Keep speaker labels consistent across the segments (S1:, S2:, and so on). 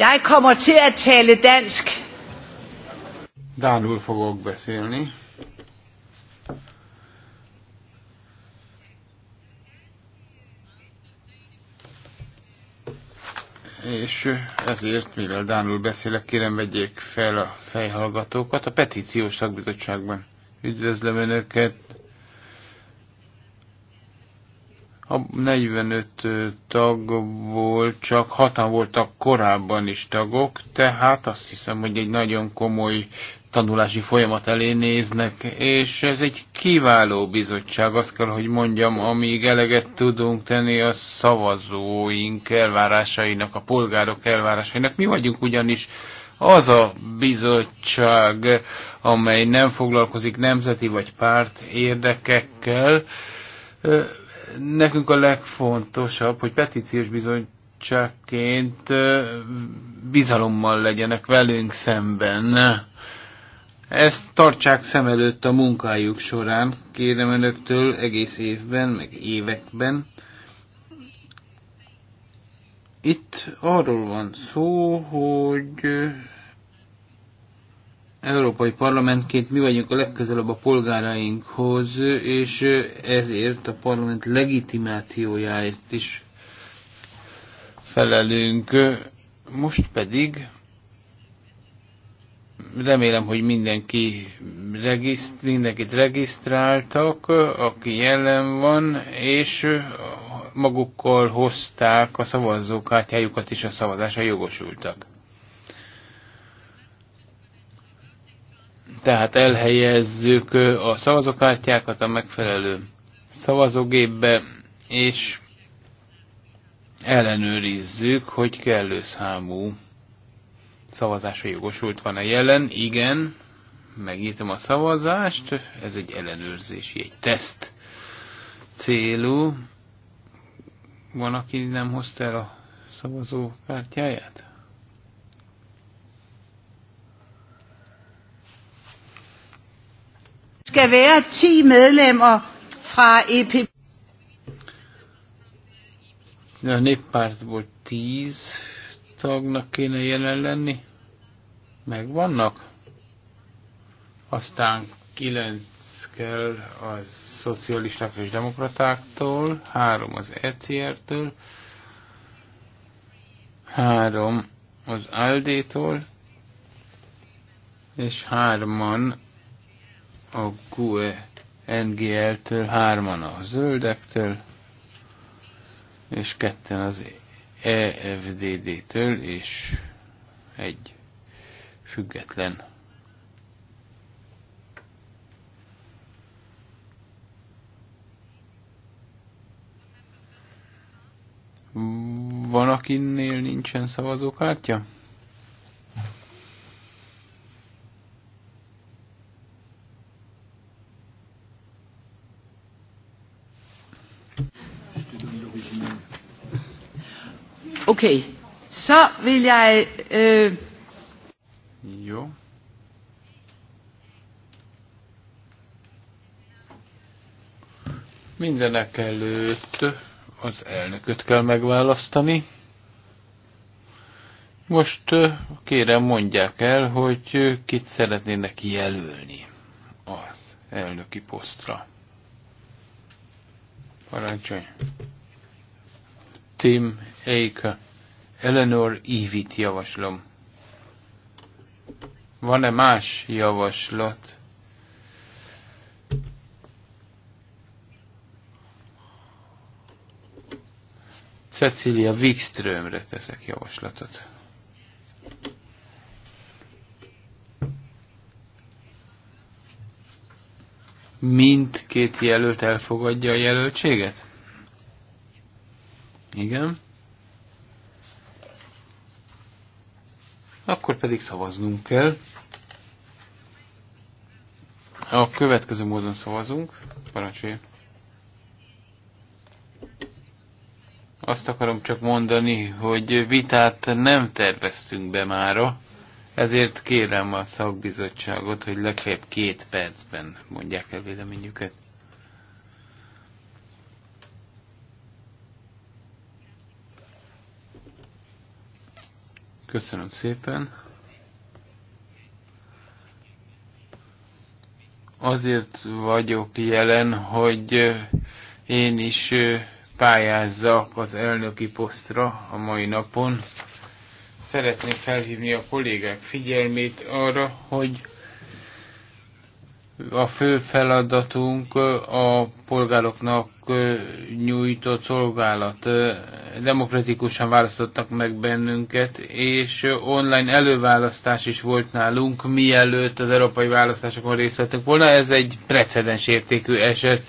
S1: Jeg kommer til at tale dansk.
S2: Dánul fogok beszélni. és ezért, mivel Dánul beszélek, kérem vegyék fel a fejhallgatókat a petíciós szakbizottságban. Üdvözlöm Önöket! A 45 tagból csak hatan voltak korábban is tagok, tehát azt hiszem, hogy egy nagyon komoly tanulási folyamat elé néznek, és ez egy kiváló bizottság, azt kell, hogy mondjam, amíg eleget tudunk tenni a szavazóink elvárásainak, a polgárok elvárásainak. Mi vagyunk ugyanis az a bizottság, amely nem foglalkozik nemzeti vagy párt érdekekkel, nekünk a legfontosabb, hogy petíciós bizonyságként bizalommal legyenek velünk szemben. Ezt tartsák szem előtt a munkájuk során, kérem önöktől egész évben, meg években. Itt arról van szó, hogy Európai Parlamentként mi vagyunk a legközelebb a polgárainkhoz, és ezért a parlament legitimációjáért is felelünk. Most pedig remélem, hogy mindenki regiszt, mindenkit regisztráltak, aki jelen van, és magukkal hozták a szavazókártyájukat is a szavazásra jogosultak. tehát elhelyezzük a szavazókártyákat a megfelelő szavazógépbe, és ellenőrizzük, hogy kellő számú szavazásra jogosult van-e jelen. Igen, megnyitom a szavazást, ez egy ellenőrzési, egy teszt célú. Van, aki nem hozta el a szavazókártyáját?
S1: skal være 10 medlemmer fra EP.
S2: A néppártból 10 tagnak kéne jelen lenni. Megvannak? Aztán 9 kell a szocialisták és demokratáktól, 3 az ECR-től, 3 az Aldétól, és hárman a GUE NGL-től, hárman a zöldektől, és ketten az EFDD-től, és egy független. Van, akinél nincsen szavazókártya?
S1: Okay, så vil jeg... Øh...
S2: Jo. Mindenek előtt az elnököt kell megválasztani. Most kérem mondják el, hogy kit szeretnének jelölni az elnöki posztra. Parancsolj! Tim Eika. Eleanor Ivit javaslom. Van-e más javaslat? Cecilia Wikströmre teszek javaslatot. Mindkét jelölt elfogadja a jelöltséget? Igen. Akkor pedig szavaznunk kell. A következő módon szavazunk. Parancsolj. Azt akarom csak mondani, hogy vitát nem terveztünk be mára, ezért kérem a szakbizottságot, hogy legfeljebb két percben mondják el véleményüket. Köszönöm szépen. Azért vagyok jelen, hogy én is pályázzak az elnöki posztra a mai napon. Szeretném felhívni a kollégák figyelmét arra, hogy a fő feladatunk a polgároknak nyújtott szolgálat. Demokratikusan választottak meg bennünket, és online előválasztás is volt nálunk, mielőtt az európai választásokon részt vettünk volna. Ez egy precedens értékű eset.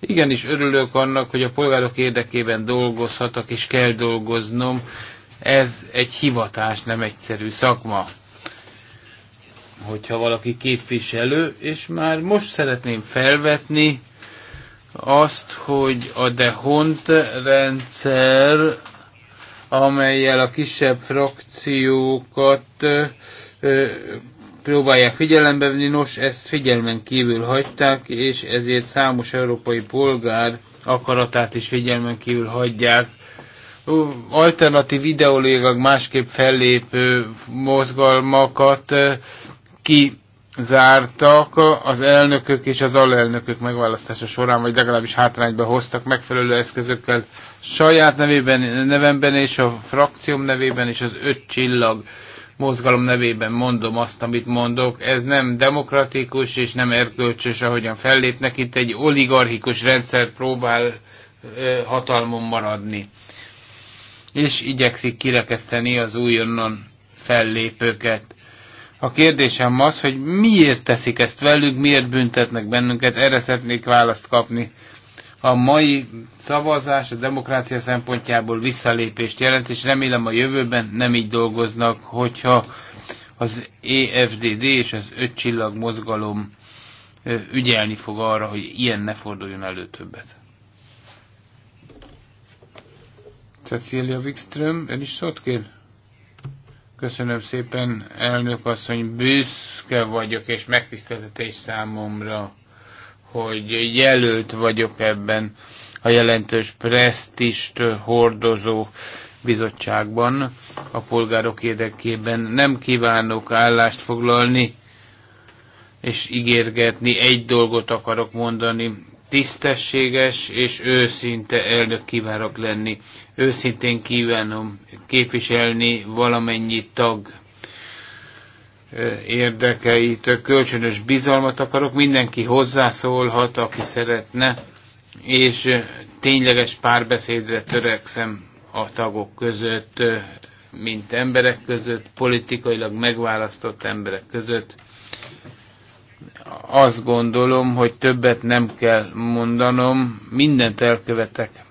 S2: Igenis örülök annak, hogy a polgárok érdekében dolgozhatok, és kell dolgoznom. Ez egy hivatás, nem egyszerű szakma hogyha valaki képviselő, és már most szeretném felvetni azt, hogy a dehont rendszer, amelyel a kisebb frakciókat ö, próbálják figyelembe venni, nos, ezt figyelmen kívül hagyták, és ezért számos európai polgár akaratát is figyelmen kívül hagyják. Alternatív ideológiak másképp fellépő mozgalmakat kizártak az elnökök és az alelnökök megválasztása során, vagy legalábbis hátrányba hoztak megfelelő eszközökkel saját nevében, nevemben és a frakcióm nevében és az öt csillag mozgalom nevében mondom azt, amit mondok. Ez nem demokratikus és nem erkölcsös, ahogyan fellépnek. Itt egy oligarchikus rendszer próbál hatalmon maradni. És igyekszik kirekeszteni az újonnan fellépőket. A kérdésem az, hogy miért teszik ezt velünk, miért büntetnek bennünket, erre szeretnék választ kapni. A mai szavazás a demokrácia szempontjából visszalépést jelent, és remélem a jövőben nem így dolgoznak, hogyha az EFDD és az öt csillag mozgalom ügyelni fog arra, hogy ilyen ne forduljon elő többet. Cecilia Wikström, ön is szót kér? Köszönöm szépen, elnök asszony, büszke vagyok, és megtiszteltetés számomra, hogy jelölt vagyok ebben a jelentős presztist hordozó bizottságban a polgárok érdekében. Nem kívánok állást foglalni és ígérgetni, egy dolgot akarok mondani tisztességes és őszinte elnök kívánok lenni. Őszintén kívánom képviselni valamennyi tag érdekeit, kölcsönös bizalmat akarok, mindenki hozzászólhat, aki szeretne, és tényleges párbeszédre törekszem a tagok között, mint emberek között, politikailag megválasztott emberek között azt gondolom, hogy többet nem kell mondanom, mindent elkövetek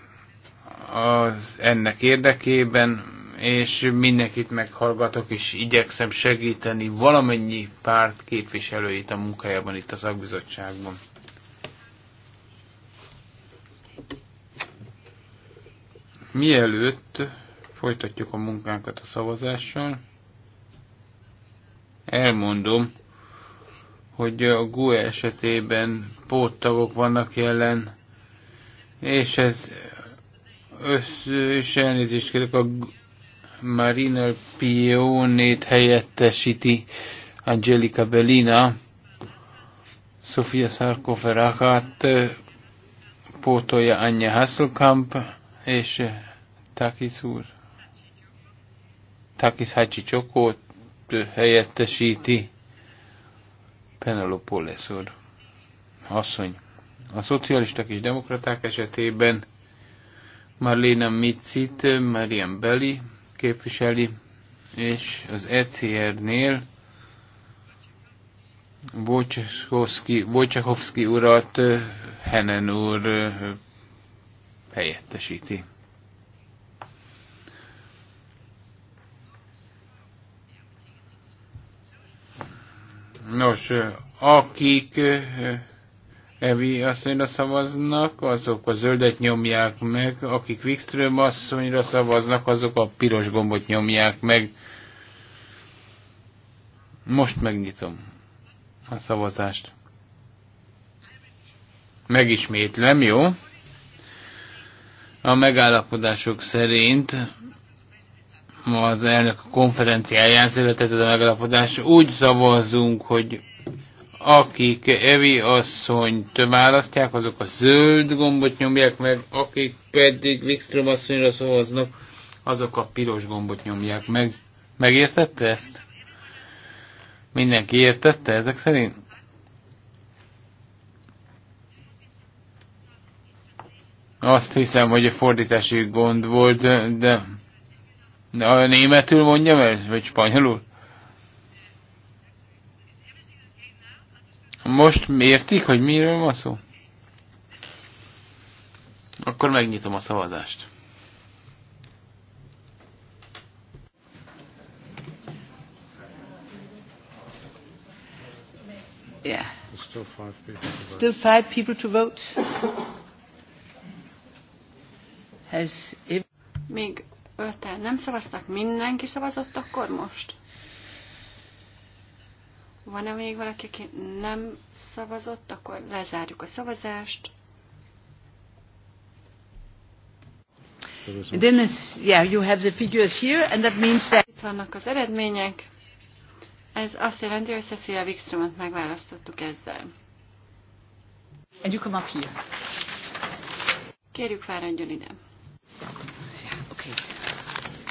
S2: az ennek érdekében, és mindenkit meghallgatok, és igyekszem segíteni valamennyi párt képviselőit a munkájában itt az agbizottságban. Mielőtt folytatjuk a munkánkat a szavazással, elmondom, hogy a GUE esetében póttagok vannak jelen, és ez össz, és elnézést kérek, a Marina Pionét helyettesíti Angelica Bellina, Sofia Sarkoferakat pótolja Anya Hasselkamp és Takis úr. Takis Hacsi Csokót helyettesíti. Penelopoles úr, asszony, a szocialisták és demokraták esetében Marlena Mitzit, Marian Belli képviseli, és az ECR-nél Wojciechowski urat Henen úr helyettesíti. Nos, akik Evi asszonyra szavaznak, azok a zöldet nyomják meg, akik Wikström asszonyra szavaznak, azok a piros gombot nyomják meg. Most megnyitom a szavazást. Megismétlem, jó? A megállapodások szerint Ma az elnök konferenciáján született ez a megalapodás. Úgy szavazzunk, hogy akik Evi asszonyt választják, azok a zöld gombot nyomják meg, akik pedig Wikström asszonyra szavaznak, azok a piros gombot nyomják meg. Megértette ezt? Mindenki értette ezek szerint? Azt hiszem, hogy a fordítási gond volt, de Na, németül mondja meg, vagy spanyolul? Most mértik, hogy miről van szó? Akkor megnyitom a szavazást. Yeah. Still five people to vote. Still five people to vote. Has
S1: Még öten nem szavaztak, mindenki szavazott akkor most? Van-e még valaki, aki nem szavazott, akkor lezárjuk a szavazást. Dennis, yeah, you have the figures here, and that means that... Itt vannak az eredmények. Ez azt jelenti, hogy Cecilia Wikströmöt megválasztottuk ezzel. And you come up here. Kérjük, fáradjon ide.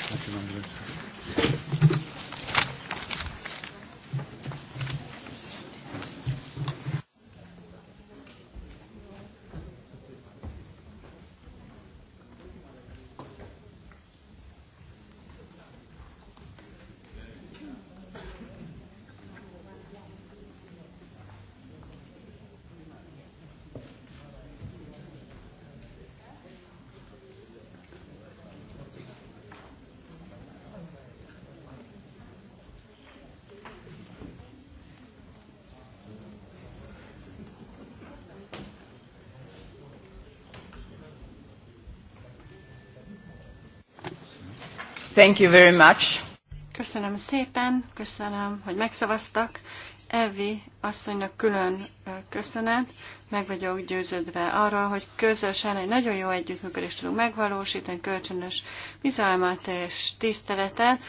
S1: Köszönöm. Thank you very much. Köszönöm szépen, köszönöm, hogy megszavaztak. Evi asszonynak külön köszönet, meg vagyok győződve arról, hogy közösen egy nagyon jó együttműködést tudunk megvalósítani, kölcsönös bizalmat és tiszteletet,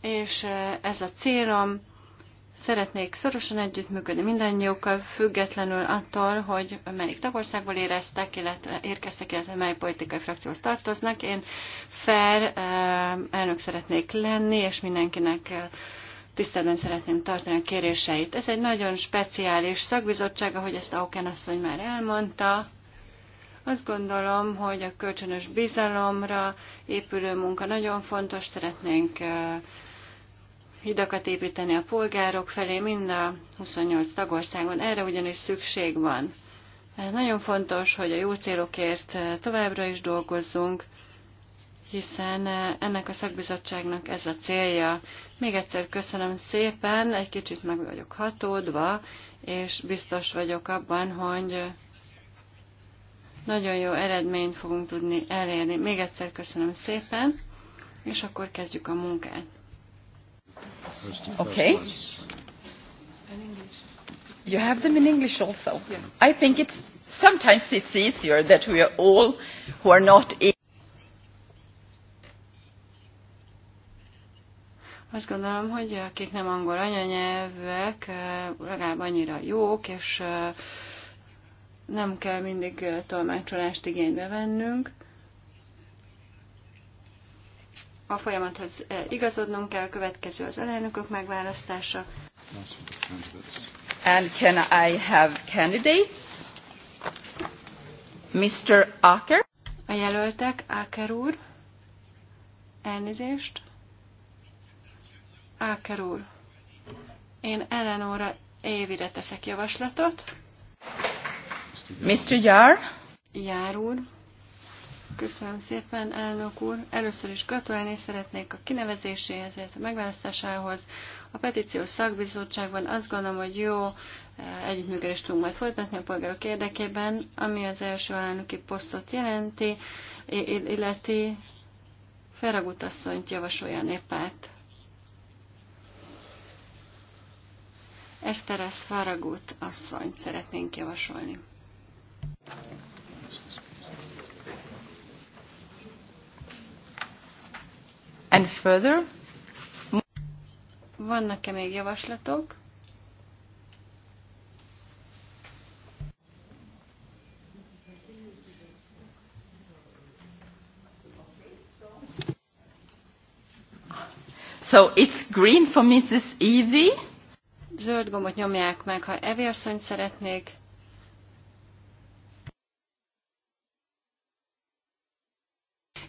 S1: és ez a célom, Szeretnék szorosan együttműködni mindannyiukkal, függetlenül attól, hogy melyik tagországból éreztek, illetve, érkeztek, illetve mely politikai frakcióhoz tartoznak. Én fair eh, elnök szeretnék lenni, és mindenkinek eh, tiszteletben szeretném tartani a kéréseit. Ez egy nagyon speciális szakbizottság, ahogy ezt Auken asszony már elmondta. Azt gondolom, hogy a kölcsönös bizalomra épülő munka nagyon fontos, szeretnénk eh, hidakat építeni a polgárok felé, mind a 28 tagországon. Erre ugyanis szükség van. Tehát nagyon fontos, hogy a jó célokért továbbra is dolgozzunk, hiszen ennek a szakbizottságnak ez a célja. Még egyszer köszönöm szépen, egy kicsit meg vagyok hatódva, és biztos vagyok abban, hogy nagyon jó eredményt fogunk tudni elérni. Még egyszer köszönöm szépen, és akkor kezdjük a munkát. Okay. You have them in English also. Yes. I think it's sometimes it's easier that we are all who are not in Azt gondolom, hogy akik nem angol anyanyelvek, legalább annyira jók, és nem kell mindig tolmácsolást igénybe vennünk. a folyamathoz igazodnunk kell, a következő az alelnökök megválasztása. And can I have candidates? Mr. Acker? A jelöltek, Acker úr. Elnézést. Acker úr. Én Eleonora Évire teszek javaslatot. Mr. Jar? Jár úr. Köszönöm szépen, elnök úr. Először is gratulálni szeretnék a kinevezéséhez, illetve a megválasztásához. A petíciós szakbizottságban azt gondolom, hogy jó eh, együttműködést tudunk majd folytatni a polgárok érdekében, ami az első alelnöki posztot jelenti, illeti Feragut asszonyt javasolja a népát. Eszteres Faragut asszonyt szeretnénk javasolni. further. Vannak-e még javaslatok? So it's green for Mrs. Evie. Zöld gombot nyomják meg, ha Evi asszonyt szeretnék.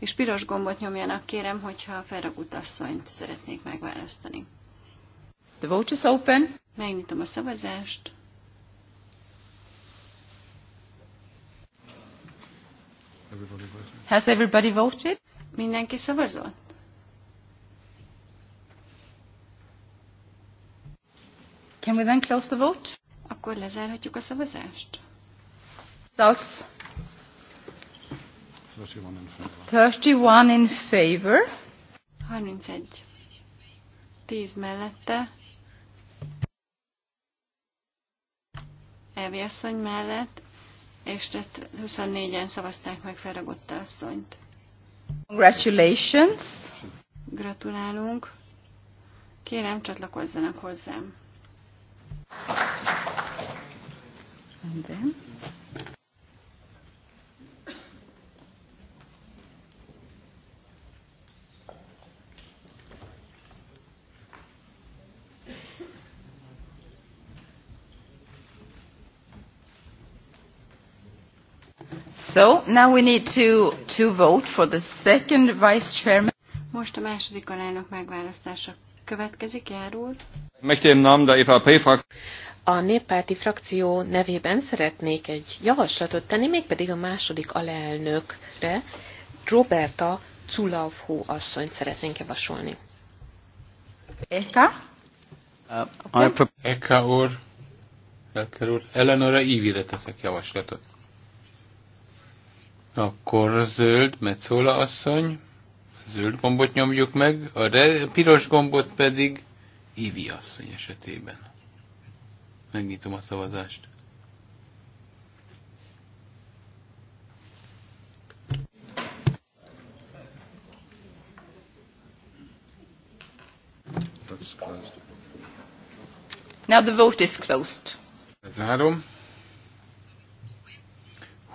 S1: és piros gombot nyomjanak, kérem, hogyha a Ferragut asszonyt szeretnék megválasztani. The vote is open. Megnyitom a szavazást. Has everybody voted? Mindenki szavazott? Can we then close the vote? Akkor lezárhatjuk a szavazást. Results 31 in favor. 31 in favor. 31. 10 mellette. Elvi asszony mellett, és 24-en szavazták meg Ferragotta asszonyt. Congratulations! Gratulálunk! Kérem, csatlakozzanak hozzám. And then... So, now we need to, to vote for the second vice chairman. Most a második alelnök megválasztása következik, jár úr. E a néppárti frakció nevében szeretnék egy javaslatot tenni, mégpedig a második alelnökre, Roberta Culavhó asszonyt szeretnénk javasolni.
S2: Eka? Okay. Eka úr, Elker úr, Eleonora Ívire teszek javaslatot. Akkor zöld, Metzola asszony, zöld gombot nyomjuk meg, a re, piros gombot pedig Ivi asszony esetében. Megnyitom a szavazást.
S1: Now the vote is closed.
S2: Zárom.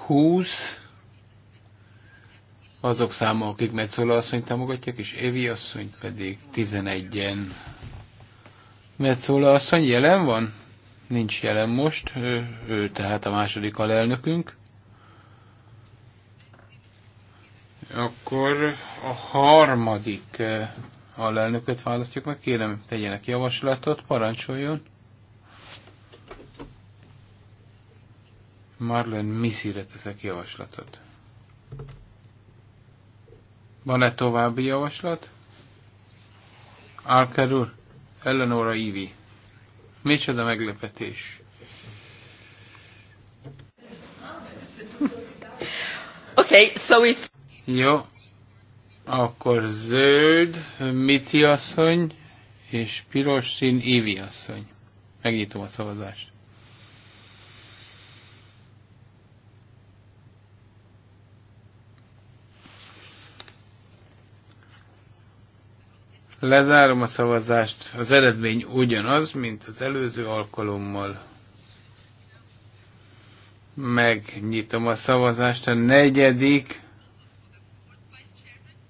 S2: 20 azok száma, akik Metzola asszonyt támogatják, és Évi asszonyt pedig 11-en. Metzola asszony jelen van? Nincs jelen most, ő, ő tehát a második alelnökünk. Akkor a harmadik eh, alelnököt választjuk meg. Kérem, tegyenek javaslatot, parancsoljon. Marlen Misire teszek javaslatot. Van-e további javaslat? Alker úr, Eleonora Ivi. Micsoda meglepetés.
S1: Okay, so
S2: it's... Jó, akkor zöld, Mici asszony, és piros szín ivi asszony. Megnyitom a szavazást. Lezárom a szavazást. Az eredmény ugyanaz, mint az előző alkalommal. Megnyitom a szavazást. A negyedik.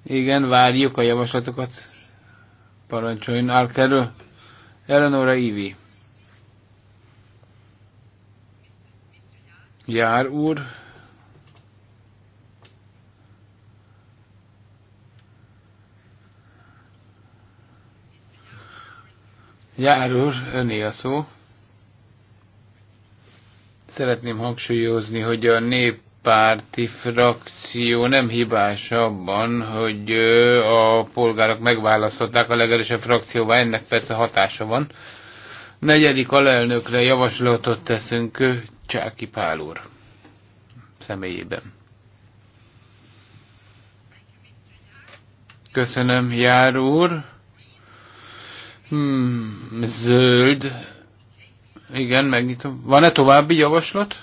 S2: Igen, várjuk a javaslatokat. Parancsoljon Alkerő. Eleonora Ivi. Jár úr. Jár úr, öné a szó. Szeretném hangsúlyozni, hogy a nép párti frakció nem hibás abban, hogy a polgárok megválasztották a legerősebb frakcióba, ennek persze hatása van. Negyedik alelnökre javaslatot teszünk Csáki Pál úr személyében. Köszönöm, Jár úr. Hmm, zöld. Igen, megnyitom. Van-e további javaslat?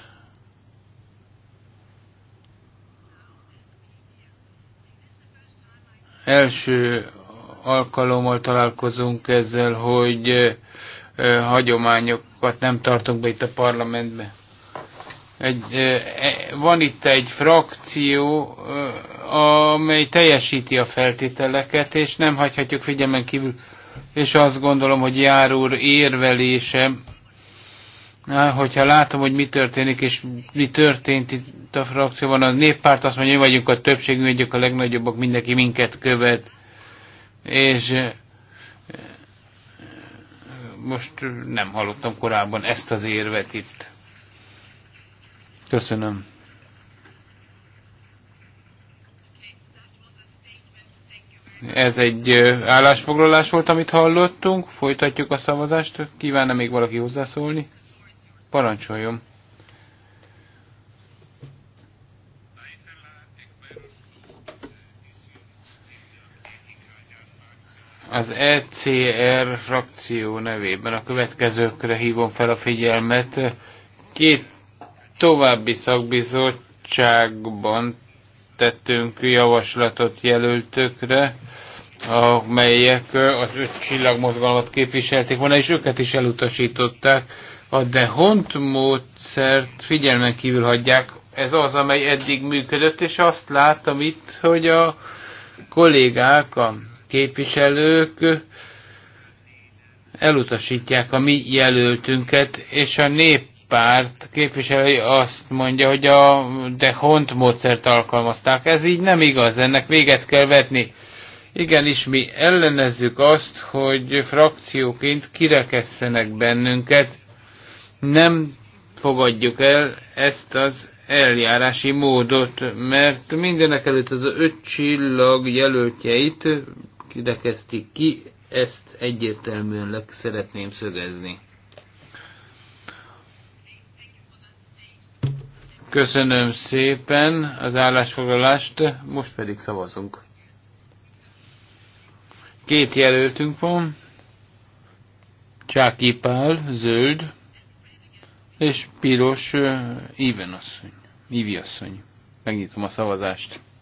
S2: Első alkalommal találkozunk ezzel, hogy eh, eh, hagyományokat nem tartunk be itt a parlamentben. Egy, eh, van itt egy frakció, amely teljesíti a feltételeket, és nem hagyhatjuk figyelmen kívül és azt gondolom, hogy jár úr érvelése, hogyha látom, hogy mi történik, és mi történt itt a frakcióban, a néppárt azt mondja, hogy mi vagyunk a többség, mi vagyunk a legnagyobbak, mindenki minket követ, és eh, most nem hallottam korábban ezt az érvet itt. Köszönöm. Ez egy állásfoglalás volt, amit hallottunk. Folytatjuk a szavazást. Kívánna még valaki hozzászólni? Parancsoljon. az ECR frakció nevében a következőkre hívom fel a figyelmet. Két további szakbizottságban tettünk javaslatot jelöltökre, amelyek az öt csillagmozgalmat képviselték volna, és őket is elutasították. A de Hont módszert figyelmen kívül hagyják. Ez az, amely eddig működött, és azt látom itt, hogy a kollégák, a képviselők elutasítják a mi jelöltünket, és a nép párt képviselői azt mondja, hogy a de Hont módszert alkalmazták. Ez így nem igaz, ennek véget kell vetni. Igenis, mi ellenezzük azt, hogy frakcióként kirekesszenek bennünket. Nem fogadjuk el ezt az eljárási módot, mert mindenek előtt az öt csillag jelöltjeit kirekeztik ki, ezt egyértelműen szeretném szögezni. Köszönöm szépen az állásfoglalást, most pedig szavazunk. Két jelöltünk van, Csáki Pál, zöld, és piros uh, Iven Megnyitom a szavazást.